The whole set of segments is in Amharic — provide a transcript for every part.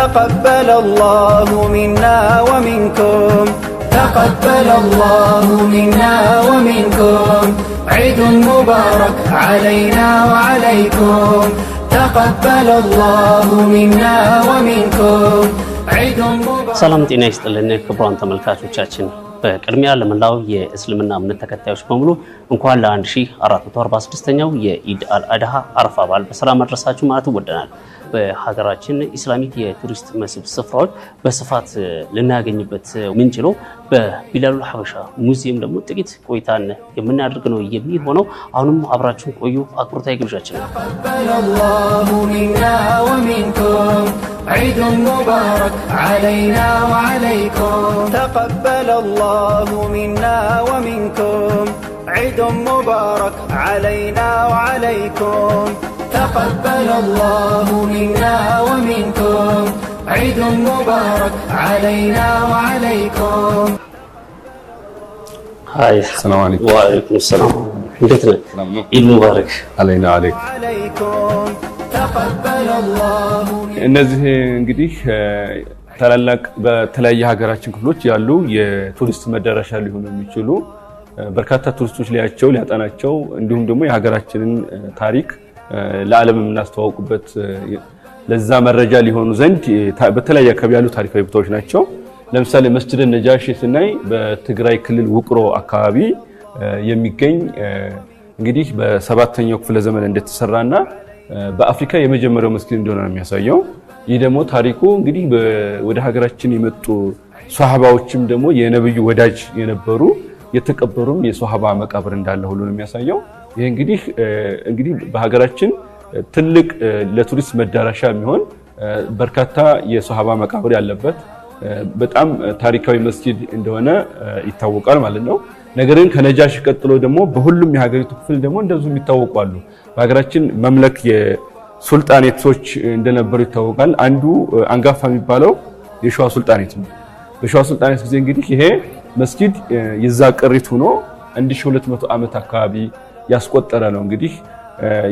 تقبل الله منا ومنكم تقبل الله منا ومنكم عيد مبارك علينا وعليكم تقبل ተቀበለ ላሁ ሚና ወሚንኩም ዒዱን ሰላም ጤና ይስጥልን ክቡራን ተመልካቾቻችን። በቅድሚያ ለመላው የእስልምና እምነት ተከታዮች በሙሉ እንኳን ለ1446ኛው የኢድ አልአድሃ አረፋ በዓል በሰላም አድረሳችሁ ማለት ወደናል። በሀገራችን ኢስላሚክ የቱሪስት መስህብ ስፍራዎች በስፋት ልናገኝበት ምንችለው በቢላሉል ሐበሻ ሙዚየም ደግሞ ጥቂት ቆይታን የምናደርግ ነው የሚሆነው። አሁንም አብራችሁን ቆዩ። አክብሮታዊ ግብዣችን ነው። تقبل الله منا ومنكم عيد مبارك علينا وعليكم هاي السلام عليكم وعليكم السلام እንዴት ነህ? ኢድ ሙባረክ አለይና አለይክ እነዚህ እንግዲህ ታላላቅ በተለያየ ሀገራችን ክፍሎች ያሉ የቱሪስት መዳረሻ ሊሆኑ የሚችሉ በርካታ ቱሪስቶች ሊያቸው ሊያጠናቸው እንዲሁም ደግሞ የሀገራችንን ታሪክ ለዓለም የምናስተዋውቁበት ለዛ መረጃ ሊሆኑ ዘንድ በተለያየ አካባቢ ያሉ ታሪካዊ ቦታዎች ናቸው። ለምሳሌ መስጅድ ነጃሺ ስናይ በትግራይ ክልል ውቅሮ አካባቢ የሚገኝ እንግዲህ በሰባተኛው ክፍለ ዘመን እንደተሰራና በአፍሪካ የመጀመሪያው መስጊድ እንደሆነ ነው የሚያሳየው። ይህ ደግሞ ታሪኩ እንግዲህ ወደ ሀገራችን የመጡ ሶሃባዎችም ደግሞ የነብዩ ወዳጅ የነበሩ የተቀበሩም የሶሃባ መቃብር እንዳለ ሁሉ ነው የሚያሳየው። ይህ እንግዲህ እንግዲህ በሀገራችን ትልቅ ለቱሪስት መዳረሻ የሚሆን በርካታ የሶሃባ መቃብር ያለበት በጣም ታሪካዊ መስጂድ እንደሆነ ይታወቃል ማለት ነው። ነገር ግን ከነጃሽ ቀጥሎ ደግሞ በሁሉም የሀገሪቱ ክፍል ደግሞ እንደዚሁም ይታወቃሉ። በሀገራችን መምለክ የሱልጣኔቶች እንደነበሩ ይታወቃል። አንዱ አንጋፋ የሚባለው የሸዋ ሱልጣኔት ነው። በሸዋ ሱልጣኔት ጊዜ እንግዲህ ይሄ መስጂድ የዛ ቅሪት ሆኖ 1200 ዓመት አካባቢ ያስቆጠረ ነው። እንግዲህ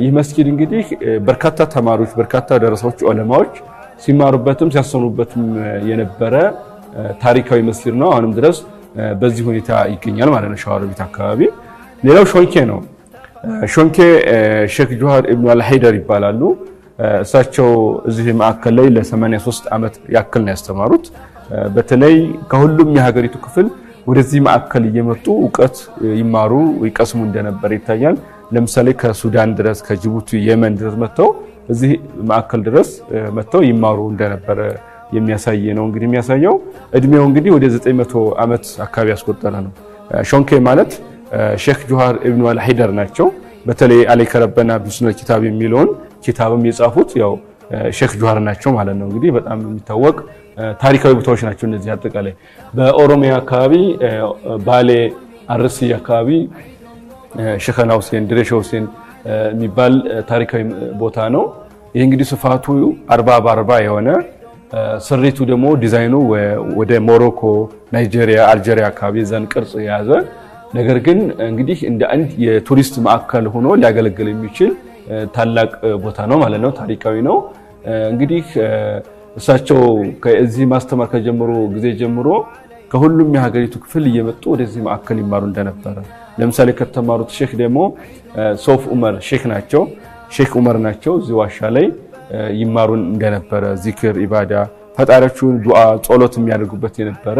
ይህ መስጊድ እንግዲህ በርካታ ተማሪዎች፣ በርካታ ደረሳዎች፣ ዑለማዎች ሲማሩበትም ሲያሰኑበትም የነበረ ታሪካዊ መስጊድ ነው። አሁንም ድረስ በዚህ ሁኔታ ይገኛል ማለት ነው። ሸዋሮቢት አካባቢ ሌላው ሾንኬ ነው። ሾንኬ ሼክ ጆሃር ኢብኑ አልሐይደር ይባላሉ። እሳቸው እዚህ ማዕከል ላይ ለ83 ዓመት ያክል ነው ያስተማሩት። በተለይ ከሁሉም የሀገሪቱ ክፍል ወደዚህ ማዕከል እየመጡ እውቀት ይማሩ ይቀስሙ እንደነበር ይታያል። ለምሳሌ ከሱዳን ድረስ ከጅቡቲ፣ የመን ድረስ መጥተው እዚህ ማዕከል ድረስ መጥተው ይማሩ እንደነበረ የሚያሳይ ነው። እንግዲህ የሚያሳየው እድሜው እንግዲህ ወደ 900 ዓመት አካባቢ ያስቆጠረ ነው። ሾንኬ ማለት ሼክ ጁሃር ኢብኑ አልሂደር ናቸው። በተለይ አለይ ከረበና ቢስነ ኪታብ የሚለውን ኪታብም የጻፉት ያው ሼክ ጁሃር ናቸው ማለት ነው። እንግዲህ በጣም የሚታወቅ ታሪካዊ ቦታዎች ናቸው። እነዚህ አጠቃላይ በኦሮሚያ አካባቢ ባሌ አርሲ አካባቢ ሸከና ሁሴን ድሬሻ ሁሴን የሚባል ታሪካዊ ቦታ ነው። ይህ እንግዲህ ስፋቱ አርባ በአርባ የሆነ ስሪቱ ደግሞ ዲዛይኑ ወደ ሞሮኮ፣ ናይጄሪያ፣ አልጄሪያ አካባቢ ዘንድ ቅርጽ የያዘ ነገር ግን እንግዲህ እንደ አንድ የቱሪስት ማዕከል ሆኖ ሊያገለግል የሚችል ታላቅ ቦታ ነው ማለት ነው። ታሪካዊ ነው። እንግዲህ እሳቸው ከዚህ ማስተማር ከጀምሮ ጊዜ ጀምሮ ከሁሉም የሀገሪቱ ክፍል እየመጡ ወደዚህ ማዕከል ይማሩ እንደነበረ ለምሳሌ ከተማሩት ሼክ ደግሞ ሶፍ ኡመር ሼክ ናቸው። ሼክ ኡመር ናቸው። እዚህ ዋሻ ላይ ይማሩን እንደነበረ ዚክር፣ ኢባዳ ፈጣሪያችሁን ዱዓ፣ ጸሎት የሚያደርጉበት የነበረ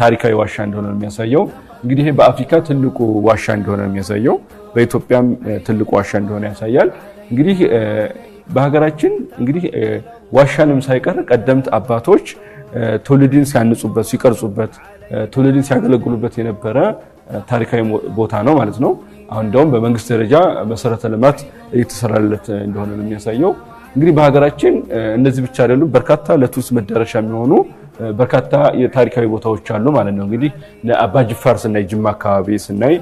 ታሪካዊ ዋሻ እንደሆነ ነው የሚያሳየው። እንግዲህ በአፍሪካ ትልቁ ዋሻ እንደሆነ ነው የሚያሳየው። በኢትዮጵያም ትልቁ ዋሻ እንደሆነ ያሳያል። እንግዲህ በሀገራችን እንግዲህ ዋሻንም ሳይቀር ቀደምት አባቶች ትውልድን ሲያንጹበት ሲቀርጹበት ትውልድን ሲያገለግሉበት የነበረ ታሪካዊ ቦታ ነው ማለት ነው። አሁን እንደውም በመንግስት ደረጃ መሰረተ ልማት እየተሰራለት እንደሆነ ነው የሚያሳየው። እንግዲህ በሀገራችን እነዚህ ብቻ አይደሉም፣ በርካታ ለቱሪስት መዳረሻ የሚሆኑ በርካታ የታሪካዊ ቦታዎች አሉ ማለት ነው። እንግዲህ አባጅፋር ስናይ ጅማ አካባቢ ስናይ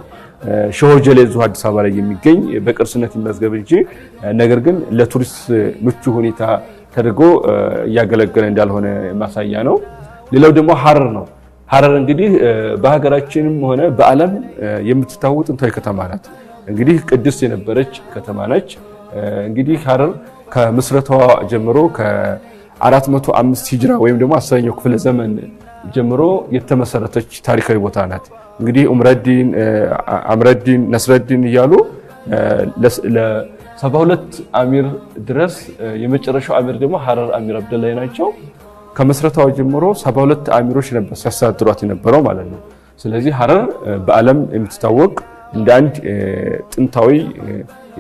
ሸሆጀሌ እዚሁ አዲስ አበባ ላይ የሚገኝ በቅርስነት ይመዝገብ እንጂ ነገር ግን ለቱሪስት ምቹ ሁኔታ ተደርጎ እያገለገለ እንዳልሆነ ማሳያ ነው። ሌላው ደግሞ ሀረር ነው። ሀረር እንግዲህ በሀገራችንም ሆነ በዓለም የምትታወቅ ጥንታዊ ከተማ ናት። እንግዲህ ቅድስት የነበረች ከተማ ነች። እንግዲህ ሀረር ከምስረታዋ ጀምሮ 405 ሂጅራ ወይም ደግሞ አስረኛው ክፍለ ዘመን ጀምሮ የተመሰረተች ታሪካዊ ቦታ ናት። እንግዲህ ኡምረዲን፣ አምረዲን፣ ነስረዲን እያሉ ለሰባ ሁለት አሚር ድረስ የመጨረሻው አሚር ደግሞ ሀረር አሚር አብደላይ ናቸው። ከመስረታዋ ጀምሮ ሰባ ሁለት አሚሮች ነበር ሲያስተዳድሯት የነበረው ማለት ነው። ስለዚህ ሀረር በዓለም የምትታወቅ እንደ አንድ ጥንታዊ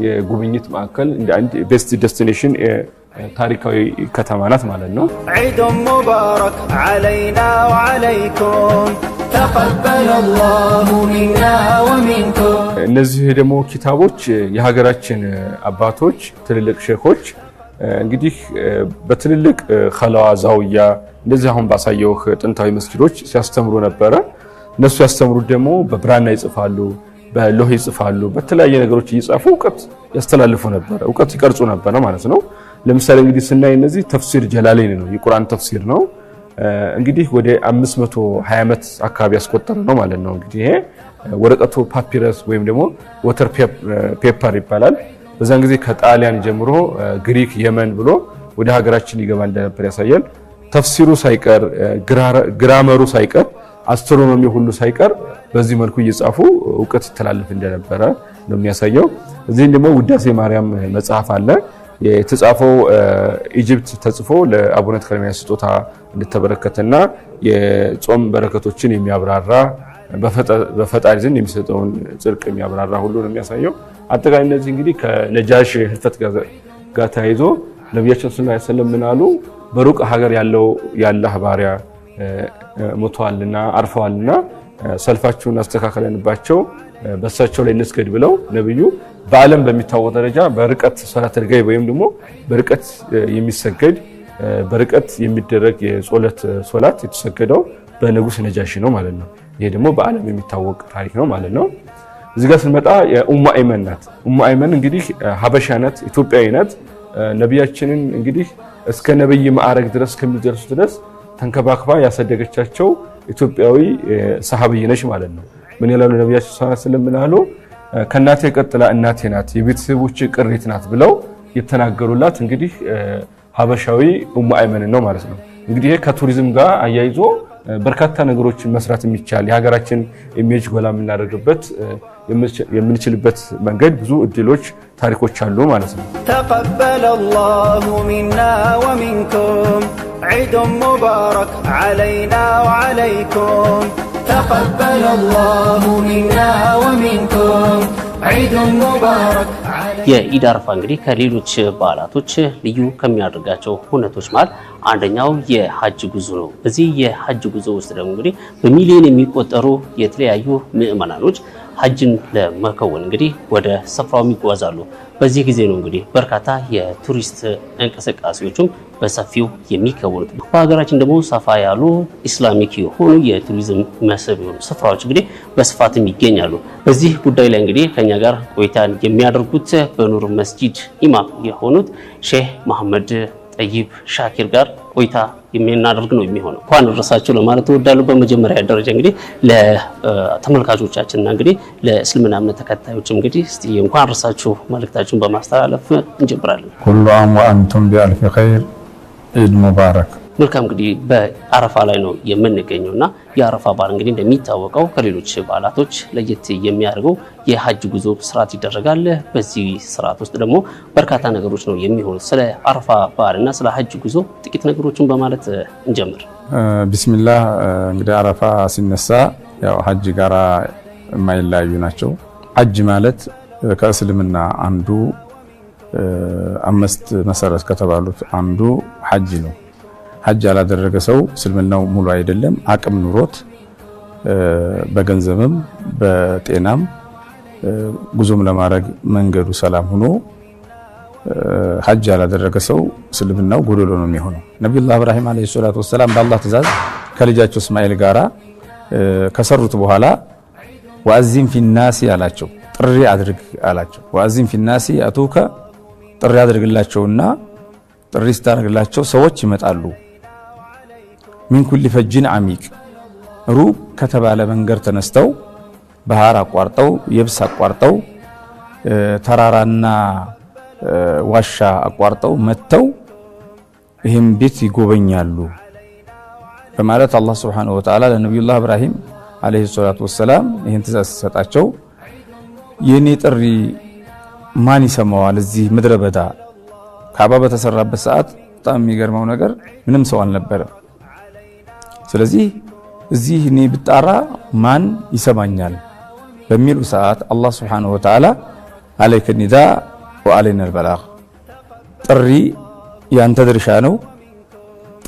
የጉብኝት ማዕከል እንደ አንድ ቤስት ዴስቲኔሽን ታሪካዊ ከተማ ናት ማለት ነው። ዒድ ሙባረክ ዓለይና ወዓለይኩም ሚና ወሚንኩም። እነዚህ ደግሞ ኪታቦች የሀገራችን አባቶች ትልልቅ ሼኮች እንግዲህ በትልልቅ ከለዋ ዛውያ እንደዚህ አሁን ባሳየው ጥንታዊ መስጊዶች ሲያስተምሩ ነበረ። እነሱ ያስተምሩት ደግሞ በብራና ይጽፋሉ፣ በሎህ ይጽፋሉ፣ በተለያየ ነገሮች እየጻፉ እውቀት ያስተላልፉ ነበረ፣ እውቀት ይቀርጹ ነበረ ማለት ነው። ለምሳሌ እንግዲህ ስናይ እነዚህ ተፍሲር ጀላለይን ነው፣ የቁርአን ተፍሲር ነው። እንግዲህ ወደ 520 ዓመት አካባቢ ያስቆጠረ ነው ማለት ነው። እንግዲህ ይሄ ወረቀቱ ፓፒረስ ወይም ደግሞ ወተር ፔፐር ይባላል። በዛን ጊዜ ከጣሊያን ጀምሮ ግሪክ፣ የመን ብሎ ወደ ሀገራችን ይገባ እንደነበር ያሳያል። ተፍሲሩ ሳይቀር ግራመሩ ሳይቀር አስትሮኖሚ ሁሉ ሳይቀር በዚህ መልኩ እየጻፉ እውቀት ይተላለፍ እንደነበረ ነው የሚያሳየው። እዚህም ደግሞ ውዳሴ ማርያም መጽሐፍ አለ። የተጻፈው ኢጅፕት ተጽፎ ለአቡነ ተክለሚያስ ስጦታ እንደተበረከተና የጾም በረከቶችን የሚያብራራ በፈጣሪ ዘንድ የሚሰጠውን ጽድቅ የሚያብራራ ሁሉ ነው የሚያሳየው። አጠቃላይ እነዚህ እንግዲህ ከነጃሽ ህልፈት ጋር ተያይዞ ነቢያችን ስ ሰለም ምናሉ በሩቅ ሀገር ያለው ያላህ ባሪያ ሞተዋልና አርፈዋልና ሰልፋችሁን አስተካከለንባቸው በሳቸው ላይ እንስገድ ብለው ነብዩ በዓለም በሚታወቅ ደረጃ በርቀት ሶላት ልገይ ወይም ደግሞ በርቀት የሚሰገድ በርቀት የሚደረግ የጾለት ሶላት የተሰገደው በንጉስ ነጃሺ ነው ማለት ነው። ይሄ ደግሞ በዓለም የሚታወቅ ታሪክ ነው ማለት ነው። እዚህ ጋር ስንመጣ የኡሙ አይመን ናት። ኡሙ አይመን እንግዲህ ሀበሻ ናት፣ ኢትዮጵያዊ ናት። ነቢያችንን እንግዲህ እስከ ነብይ ማዕረግ ድረስ እስከሚደርሱ ድረስ ተንከባክባ ያሳደገቻቸው ኢትዮጵያዊ ሰሃብይ ነች ማለት ነው። ምን ይላሉ ነቢያችን ሰለላሁ ዐለይሂ ወሰለም ከእናቴ ቀጥላ እናቴ ናት፣ የቤተሰቦች ቅሪት ናት ብለው የተናገሩላት እንግዲህ ሀበሻዊ ኡሙ አይመንን ነው ማለት ነው። እንግዲህ ይሄ ከቱሪዝም ጋር አያይዞ በርካታ ነገሮችን መስራት የሚቻል የሀገራችን ኢሜጅ ጎላ የምናደርግበት የምንችልበት መንገድ ብዙ እድሎች፣ ታሪኮች አሉ ማለት ነው። ተቀበለ ላሁ ሚና ወሚንኩም ዒድ ሙባረክ ዓለይና ወዓለይኩም تقبل الله منا ومنكم عيد مبارك የኢድ አረፋ እንግዲህ ከሌሎች በዓላቶች ልዩ ከሚያደርጋቸው ሁነቶች ማለት አንደኛው የሀጅ ጉዞ ነው። በዚህ የሀጅ ጉዞ ውስጥ ደግሞ እንግዲህ በሚሊዮን የሚቆጠሩ የተለያዩ ምዕመናኖች ሀጅን ለመከወን እንግዲህ ወደ ስፍራው ይጓዛሉ። በዚህ ጊዜ ነው እንግዲህ በርካታ የቱሪስት እንቅስቃሴዎችም በሰፊው የሚከወኑት። በሀገራችን ደግሞ ሰፋ ያሉ ኢስላሚክ የሆኑ የቱሪዝም መስህብ የሆኑ ስፍራዎች እንግዲህ በስፋትም ይገኛሉ። በዚህ ጉዳይ ላይ እንግዲህ ከኛ ጋር ቆይታን የሚያደርጉት በኑር መስጂድ ኢማም የሆኑት ሼህ መሐመድ ጠይብ ሻኪር ጋር ቆይታ የምናደርግ ነው የሚሆነው። እንኳን ደረሳችሁ ለማለት እወዳለሁ። በመጀመሪያ ደረጃ እንግዲህ ለተመልካቾቻችንና እንግዲህ ለእስልምና እምነት ተከታዮች እንግዲህ እስቲ እንኳን ደረሳችሁ መልእክታችሁን በማስተላለፍ እንጀምራለን። ኩሉ አም ወአንቱም ቢአልፍ ኸይር ኢድ ሙባረክ መልካም እንግዲህ በአረፋ ላይ ነው የምንገኘው እና የአረፋ በዓል እንግዲህ እንደሚታወቀው ከሌሎች በዓላቶች ለየት የሚያደርገው የሀጅ ጉዞ ስርዓት ይደረጋል። በዚህ ስርዓት ውስጥ ደግሞ በርካታ ነገሮች ነው የሚሆኑ። ስለ አረፋ በዓል እና ስለ ሀጅ ጉዞ ጥቂት ነገሮችን በማለት እንጀምር። ቢስሚላህ እንግዲህ አረፋ ሲነሳ ያው ሀጅ ጋራ የማይለያዩ ናቸው። ሀጅ ማለት ከእስልምና አንዱ አምስት መሰረት ከተባሉት አንዱ ሀጅ ነው። ሀጅ ያላደረገ ሰው እስልምናው ሙሉ አይደለም። አቅም ኑሮት በገንዘብም በጤናም ጉዞም ለማድረግ መንገዱ ሰላም ሆኖ ሀጅ ያላደረገ ሰው እስልምናው ጎደሎ ነው የሚሆነው። ነቢዩላህ ኢብራሂም ዓለይሂ ሰላቱ ወሰላም በአላህ ትእዛዝ ከልጃቸው እስማኤል ጋራ ከሰሩት በኋላ ወአዚም ፊናሲ አላቸው፣ ጥሪ አድርግ አላቸው። ወአዚን ፊናሲ አቱከ ጥሪ አድርግላቸውና ጥሪ ስታደርግላቸው ሰዎች ይመጣሉ። ሚን ኩል ፈጅን አሚቅ ሩብ ከተባለ መንገድ ተነስተው ባህር አቋርጠው የብስ አቋርጠው ተራራና ዋሻ አቋርጠው መጥተው ይህም ቤት ይጎበኛሉ በማለት አላህ ስብሓነሁ ወተዓላ ለነቢዩላህ እብራሂም ዓለይሂ ሰላቱ ወሰላም ይህን ትእዛዝ ሲሰጣቸው የእኔ ጥሪ ማን ይሰማዋል? እዚህ ምድረ በዳ ካዕባ በተሰራበት ሰዓት በጣም የሚገርመው ነገር ምንም ሰው አልነበረም። ስለዚህ እዚህ እኔ ብጣራ ማን ይሰማኛል በሚሉ ሰዓት አላህ ስብሓነሁ ወተዓላ አለይከ ኒዳ ወአለይና ልበላግ ጥሪ ያንተ ድርሻ ነው፣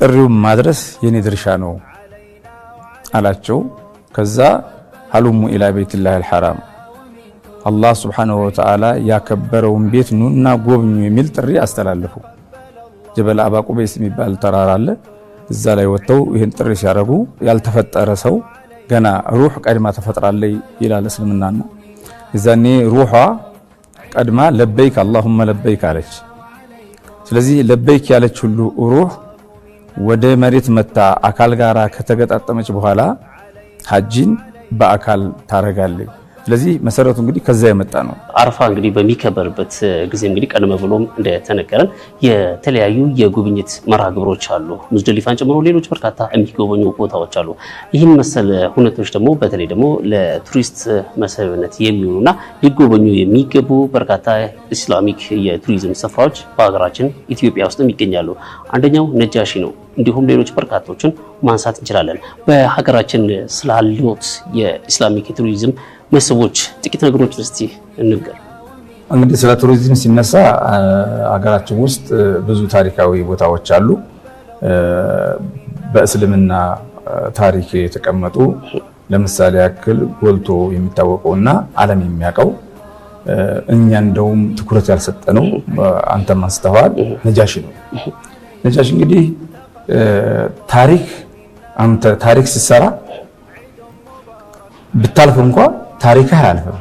ጥሪውን ማድረስ የኔ ድርሻ ነው አላቸው። ከዛ ሀሉሙ ኢላ ቤትላህ አልሐራም አላህ ስብሓነሁ ወተዓላ ያከበረውን ቤት ኑና ጎብኙ የሚል ጥሪ አስተላለፉ። ጀበል አባቁቤስ የሚባል ተራራ አለ። እዛ ላይ ወጥተው ይህን ጥሪ ሲያደርጉ ያልተፈጠረ ሰው ገና ሩህ ቀድማ ተፈጥራለይ ይላል እስልምና እስልምናና እዛኔ ሩሃ ቀድማ ለበይክ አላሁመ ለበይክ አለች። ስለዚህ ለበይክ ያለች ሁሉ ሩህ ወደ መሬት መታ አካል ጋራ ከተገጣጠመች በኋላ ሀጂን በአካል ታረጋለች። ስለዚህ መሰረቱ እንግዲህ ከዛ የመጣ ነው። አረፋ እንግዲህ በሚከበርበት ጊዜ እንግዲህ ቀደም ብሎም እንደተነገረን የተለያዩ የጉብኝት መርሃ ግብሮች አሉ። ሙዝደሊፋን ጨምሮ ሌሎች በርካታ የሚጎበኙ ቦታዎች አሉ። ይህን መሰል ሁነቶች ደግሞ በተለይ ደግሞ ለቱሪስት መስህብነት የሚሆኑና ሊጎበኙ የሚገቡ በርካታ ኢስላሚክ የቱሪዝም ስፍራዎች በሀገራችን ኢትዮጵያ ውስጥም ይገኛሉ። አንደኛው ነጃሺ ነው። እንዲሁም ሌሎች በርካቶችን ማንሳት እንችላለን። በሀገራችን ስላሉት የኢስላሚክ የቱሪዝም መስህቦች ጥቂት ነገሮች እስቲ እንገር። እንግዲህ ስለ ቱሪዝም ሲነሳ ሀገራችን ውስጥ ብዙ ታሪካዊ ቦታዎች አሉ። በእስልምና ታሪክ የተቀመጡ ለምሳሌ ያክል ጎልቶ የሚታወቀው እና ዓለም የሚያውቀው እኛ እንደውም ትኩረት ያልሰጠነው አንተም አንስተዋል ነጃሺ ነው። ነጃሺ እንግዲህ ታሪክ አንተ ታሪክ ስትሰራ ብታልፍ እንኳ ታሪክ አያልፍም።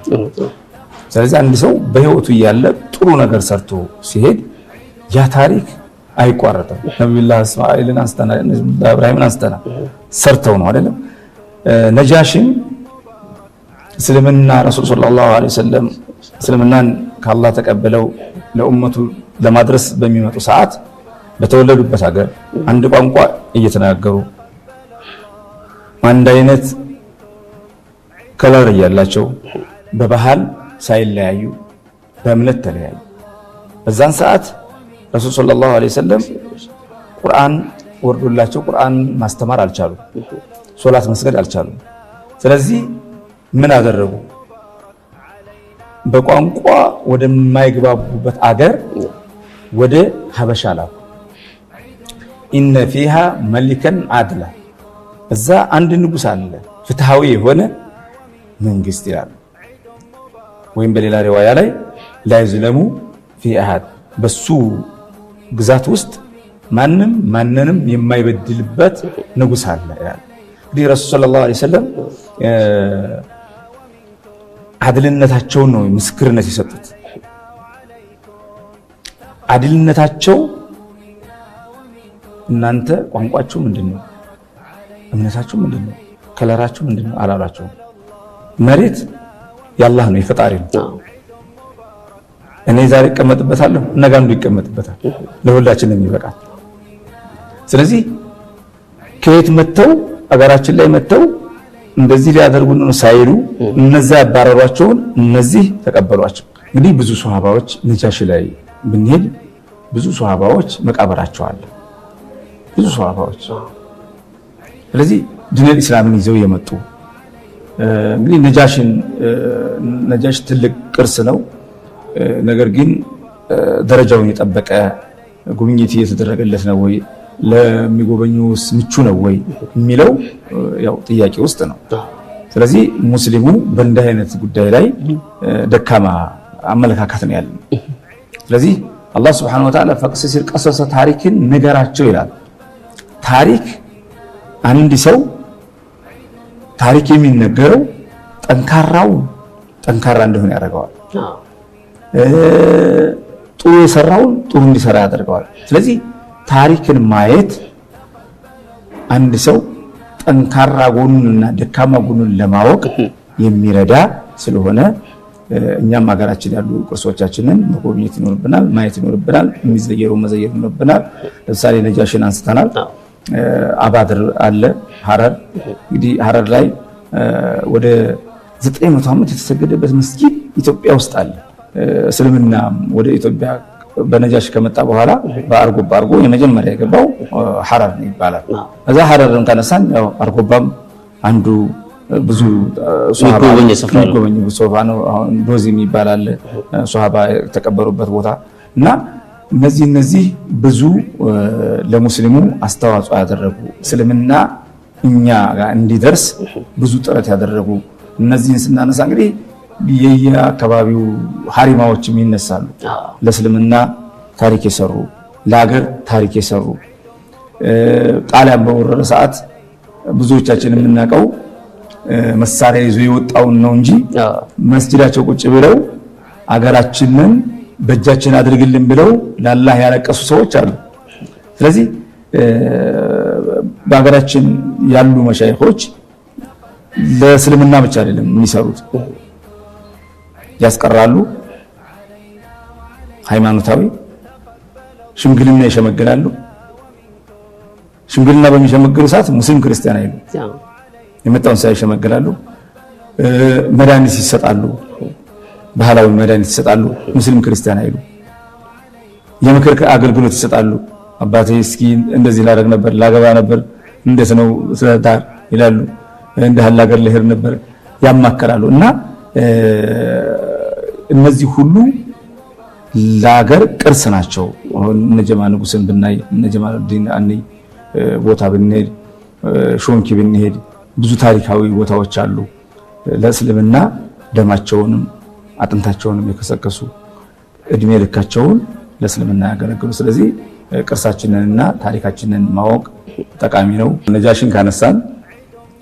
ስለዚህ አንድ ሰው በህይወቱ እያለ ጥሩ ነገር ሰርቶ ሲሄድ ያ ታሪክ አይቋረጥም። ነቢዩላህ እስማኤልን አንስተና ኢብራሂምን አንስተና ሰርተው ነው አይደለም። ነጃሽን እስልምና ረሱል ሰለላሁ ዐለይሂ ወሰለም እስልምናን ከአላህ ተቀብለው ለኡመቱ ለማድረስ በሚመጡ ሰዓት በተወለዱበት ሀገር አንድ ቋንቋ እየተናገሩ አንድ አይነት ከለር እያላቸው በባህል ሳይለያዩ በእምነት ተለያዩ። በዛን ሰዓት ረሱል ሰለላሁ ዐለይሂ ወሰለም ቁርአን ወርዶላቸው ቁርአን ማስተማር አልቻሉም። ሶላት መስገድ አልቻሉም። ስለዚህ ምን አደረጉ? በቋንቋ ወደማይግባቡበት አገር ወደ ሀበሻ ላኩ። ኢነ ፊሃ መሊከን አድላ እዛ አንድ ንጉስ አለ ፍትሃዊ የሆነ መንግስት ይላል። ወይም በሌላ ሪዋያ ላይ ላይዝለሙ ፊ አሃድ በሱ ግዛት ውስጥ ማንም ማንንም የማይበድልበት ንጉስ አለ ይላል። እንግዲህ ረሱል ሰለላሁ ዐለይሂ ወሰለም አድልነታቸውን ነው ምስክርነት የሰጡት አድልነታቸው እናንተ ቋንቋችሁ ምንድን ነው? እምነታችሁ ምንድን ነው? ከለራችሁ ምንድን ነው አላሏቸውም። መሬት የአላህ ነው የፈጣሪ ነው። እኔ ዛሬ እቀመጥበታለሁ፣ ነገ አንዱ ይቀመጥበታል። ለሁላችን የሚበቃል። ስለዚህ ከየት መጥተው አገራችን ላይ መጥተው እንደዚህ ሊያደርጉን ነው ሳይሉ እነዛ ያባረሯቸውን እነዚህ ተቀበሏቸው። እንግዲህ ብዙ ሶሃባዎች ነጃሺ ላይ ብንሄድ ብዙ ሶሃባዎች መቃብራቸው አለ። ብዙ ሰዋባዎች። ስለዚህ ድነል ኢስላምን ይዘው የመጡ እንግዲህ ነጃሽ ትልቅ ቅርስ ነው። ነገር ግን ደረጃውን የጠበቀ ጉብኝት እየተደረገለት ነው ወይ ለሚጎበኙስ ምቹ ነው ወይ የሚለው ያው ጥያቄ ውስጥ ነው። ስለዚህ ሙስሊሙ በእንዲህ አይነት ጉዳይ ላይ ደካማ አመለካከት ነው ያለን። ስለዚህ አላህ ስብሐነሁ ወተዓላ ፈቅሰሲል ቀሰሰ ታሪክን ነገራቸው ይላል። ታሪክ አንድ ሰው ታሪክ የሚነገረው ጠንካራው ጠንካራ እንደሆነ ያደርገዋል። ጥሩ የሰራውን ጥሩ እንዲሰራ ያደርገዋል። ስለዚህ ታሪክን ማየት አንድ ሰው ጠንካራ ጎኑንና ደካማ ጎኑን ለማወቅ የሚረዳ ስለሆነ እኛም ሀገራችን ያሉ ቅርሶቻችንን መጎብኘት ይኖርብናል፣ ማየት ይኖርብናል፣ የሚዘየሩ መዘየር ይኖርብናል። ለምሳሌ ነጃሽን አንስተናል። አባድር አለ ሀረር እንግዲህ ሀረር ላይ ወደ ዘጠኝ መቶ ዓመት የተሰገደበት መስጊድ ኢትዮጵያ ውስጥ አለ። እስልምና ወደ ኢትዮጵያ በነጃሽ ከመጣ በኋላ በአርጎባ አርጎ የመጀመሪያ የገባው ሀረር ይባላል። እዛ ሀረርን ካነሳን ያው አርጎባም አንዱ ብዙ የሚጎበኝ ሶፋ ነው። ዶዚም ይባላል ሶሃባ የተቀበሩበት ቦታ እና እነዚህ እነዚህ ብዙ ለሙስሊሙ አስተዋጽኦ ያደረጉ እስልምና እኛ ጋር እንዲደርስ ብዙ ጥረት ያደረጉ እነዚህን ስናነሳ እንግዲህ የየአካባቢው ሀሪማዎችም ይነሳሉ። ለእስልምና ታሪክ የሰሩ ለሀገር ታሪክ የሰሩ ጣሊያን በወረረ ሰዓት ብዙዎቻችን የምናውቀው መሳሪያ ይዞ የወጣውን ነው እንጂ መስጅዳቸው ቁጭ ብለው አገራችንን በእጃችን አድርግልን ብለው ለአላህ ያለቀሱ ሰዎች አሉ። ስለዚህ በሀገራችን ያሉ መሻይኮች ለእስልምና ብቻ አይደለም የሚሰሩት፣ ያስቀራሉ፣ ሃይማኖታዊ ሽምግልና ይሸመግላሉ። ሽምግልና በሚሸመግሉ ሰዓት ሙስሊም ክርስቲያን አይሉ የመጣውን ሰው ይሸመግላሉ፣ መድኃኒት ይሰጣሉ። ባህላዊ መድኃኒት ይሰጣሉ። ሙስሊም ክርስቲያን አይሉ የምክር አገልግሎት ይሰጣሉ። አባቴ እስኪ እንደዚህ ላደርግ ነበር፣ ላገባ ነበር፣ እንዴት ነው ስለዳር ይላሉ። እንደ ሀላገር ልሄድ ነበር ያማከራሉ። እና እነዚህ ሁሉ ለሀገር ቅርስ ናቸው። እነ ንጉስን ብናይ፣ እነ ጀማልዲን አንይ ቦታ ብንሄድ፣ ሾንኪ ብንሄድ ብዙ ታሪካዊ ቦታዎች አሉ ለእስልምና ደማቸውንም አጥንታቸውንም የከሰከሱ እድሜ ልካቸውን ለእስልምና ያገለግሉ። ስለዚህ ቅርሳችንንና ታሪካችንን ማወቅ ጠቃሚ ነው። ነጃሽን ካነሳን፣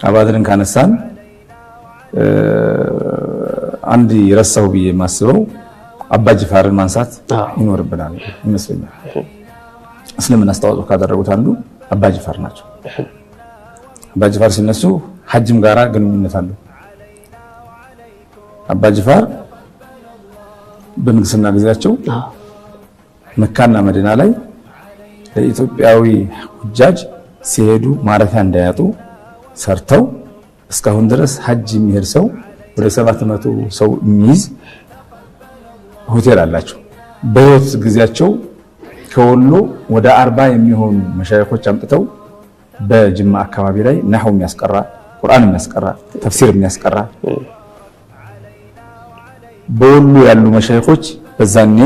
አባድርን ካነሳን አንድ ረሳው ብዬ የማስበው አባጅፋርን ማንሳት ይኖርብናል ይመስለኛል። እስልምና አስተዋጽኦ ካደረጉት አንዱ አባጅፋር ናቸው። አባጅፋር ሲነሱ ሀጅም ጋራ ግንኙነት አለው። አባጅፋር በንግስና ጊዜያቸው መካና መዲና ላይ ለኢትዮጵያዊ ሁጃጅ ሲሄዱ ማረፊያ እንዳያጡ ሰርተው እስካሁን ድረስ ሀጅ የሚሄድ ሰው ወደ ሰባት መቶ ሰው የሚይዝ ሆቴል አላቸው። በህይወት ጊዜያቸው ከወሎ ወደ አርባ የሚሆኑ መሻይኮች አምጥተው በጅማ አካባቢ ላይ ናሁ የሚያስቀራ ቁርአን የሚያስቀራ ተፍሲር የሚያስቀራ በወሎ ያሉ መሻይኮች በዛኔ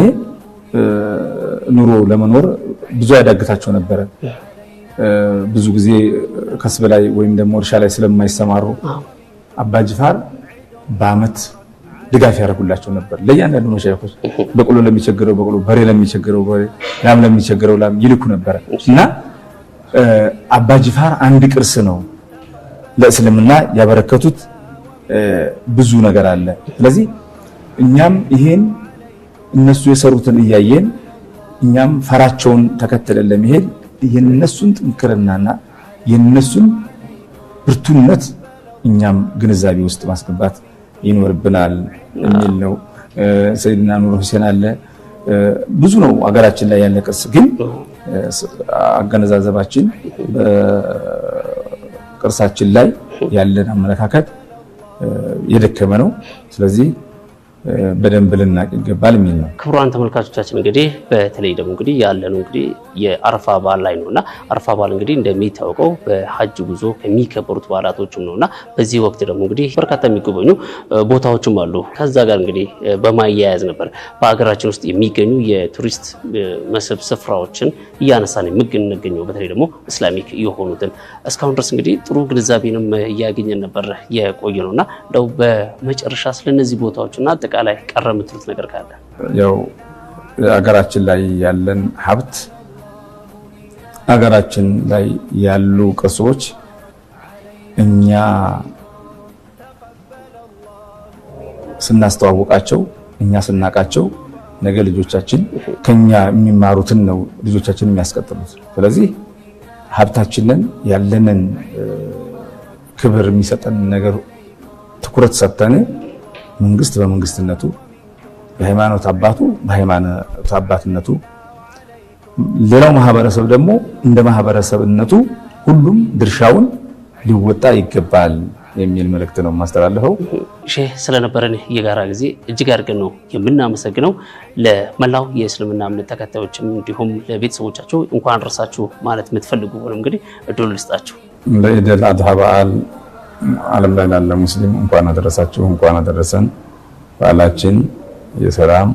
ኑሮ ለመኖር ብዙ ያዳግታቸው ነበረ። ብዙ ጊዜ ከስብ ላይ ወይም ደግሞ እርሻ ላይ ስለማይሰማሩ አባጅፋር በአመት ድጋፍ ያደርጉላቸው ነበር። ለእያንዳንዱ መሻይኮች በቅሎ ለሚቸግረው በቅሎ፣ በሬ ለሚቸግረው በሬ፣ ላም ለሚቸግረው ላም ይልኩ ነበረ እና አባጅፋር አንድ ቅርስ ነው። ለእስልምና ያበረከቱት ብዙ ነገር አለ። ስለዚህ እኛም ይሄን እነሱ የሰሩትን እያየን እኛም ፈራቸውን ተከትለን ለመሄድ የነሱን ጥንክርናና የነሱን ብርቱነት እኛም ግንዛቤ ውስጥ ማስገባት ይኖርብናል የሚል ነው። ሰይድና ኑር ሁሴን አለ። ብዙ ነው ሀገራችን ላይ ያለ ቅርስ። ግን አገነዛዘባችን በቅርሳችን ላይ ያለን አመለካከት የደከመ ነው። ስለዚህ በደንብ ልናቅ ይገባል የሚል ነው። ክቡራን ተመልካቾቻችን እንግዲህ በተለይ ደግሞ እንግዲህ ያለነው እንግዲህ የአረፋ በዓል ላይ ነው እና አረፋ በዓል እንግዲህ እንደሚታወቀው በሀጅ ጉዞ ከሚከበሩት በዓላቶችም ነው እና በዚህ ወቅት ደግሞ እንግዲህ በርካታ የሚጎበኙ ቦታዎችም አሉ። ከዛ ጋር እንግዲህ በማያያዝ ነበር በሀገራችን ውስጥ የሚገኙ የቱሪስት መስህብ ስፍራዎችን እያነሳን የምንገኘው በተለይ ደግሞ እስላሚክ የሆኑትን እስካሁን ድረስ እንግዲህ ጥሩ ግንዛቤንም እያገኘን ነበር የቆየ ነው እና እንደው በመጨረሻ ስለነዚህ ቦታዎችና አጠቃላይ ቀረ የምትሉት ነገር ካለ? ያው አገራችን ላይ ያለን ሀብት አገራችን ላይ ያሉ ቅርሶች እኛ ስናስተዋውቃቸው እኛ ስናቃቸው ነገ ልጆቻችን ከኛ የሚማሩትን ነው ልጆቻችን የሚያስቀጥሉት። ስለዚህ ሀብታችንን ያለንን ክብር የሚሰጠን ነገር ትኩረት ሰጥተን መንግስት በመንግስትነቱ በሃይማኖት አባቱ በሃይማኖት አባትነቱ ሌላው ማህበረሰብ ደግሞ እንደ ማህበረሰብነቱ ሁሉም ድርሻውን ሊወጣ ይገባል የሚል መልእክት ነው የማስተላለፈው። ሼህ ስለነበረን የጋራ ጊዜ እጅግ አድርገን ነው የምናመሰግነው። ለመላው የእስልምና እምነት ተከታዮችም እንዲሁም ለቤተሰቦቻቸው እንኳን ረሳችሁ ማለት የምትፈልጉ ሆነ እንግዲህ እድሉ ልስጣችሁ ለኢደል አድሃ በዓል ዓለም ላይ ላለ ሙስሊም እንኳን አደረሳችሁ እንኳን አደረሰን። በዓላችን የሰላም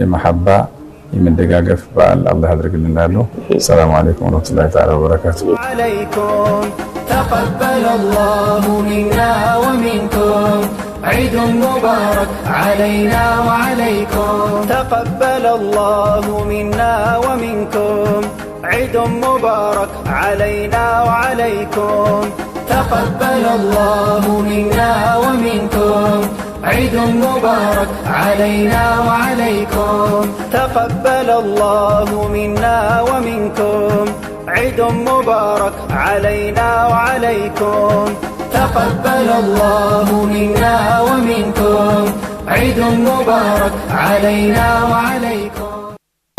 የመሐባ የመደጋገፍ በዓል አላህ ያድርግልን እላለሁ። ሰላም አለይኩም ወራህመቱላሂ ተዓላ ወበረካቱ። ተቀበለላሁ ሚና ወሚንኩም ዒድ ሙባረክ ዓለይና ወዓለይኩም ተቀበለላሁ ሚና ወሚንኩም ዒድ ሙባረክ ዓለይና ወዓለይኩም تقبل الله منا ومنكم عيد مبارك علينا وعليكم تقبل الله منا ومنكم عيد مبارك علينا وعليكم تقبل الله منا ومنكم عيد مبارك علينا وعليكم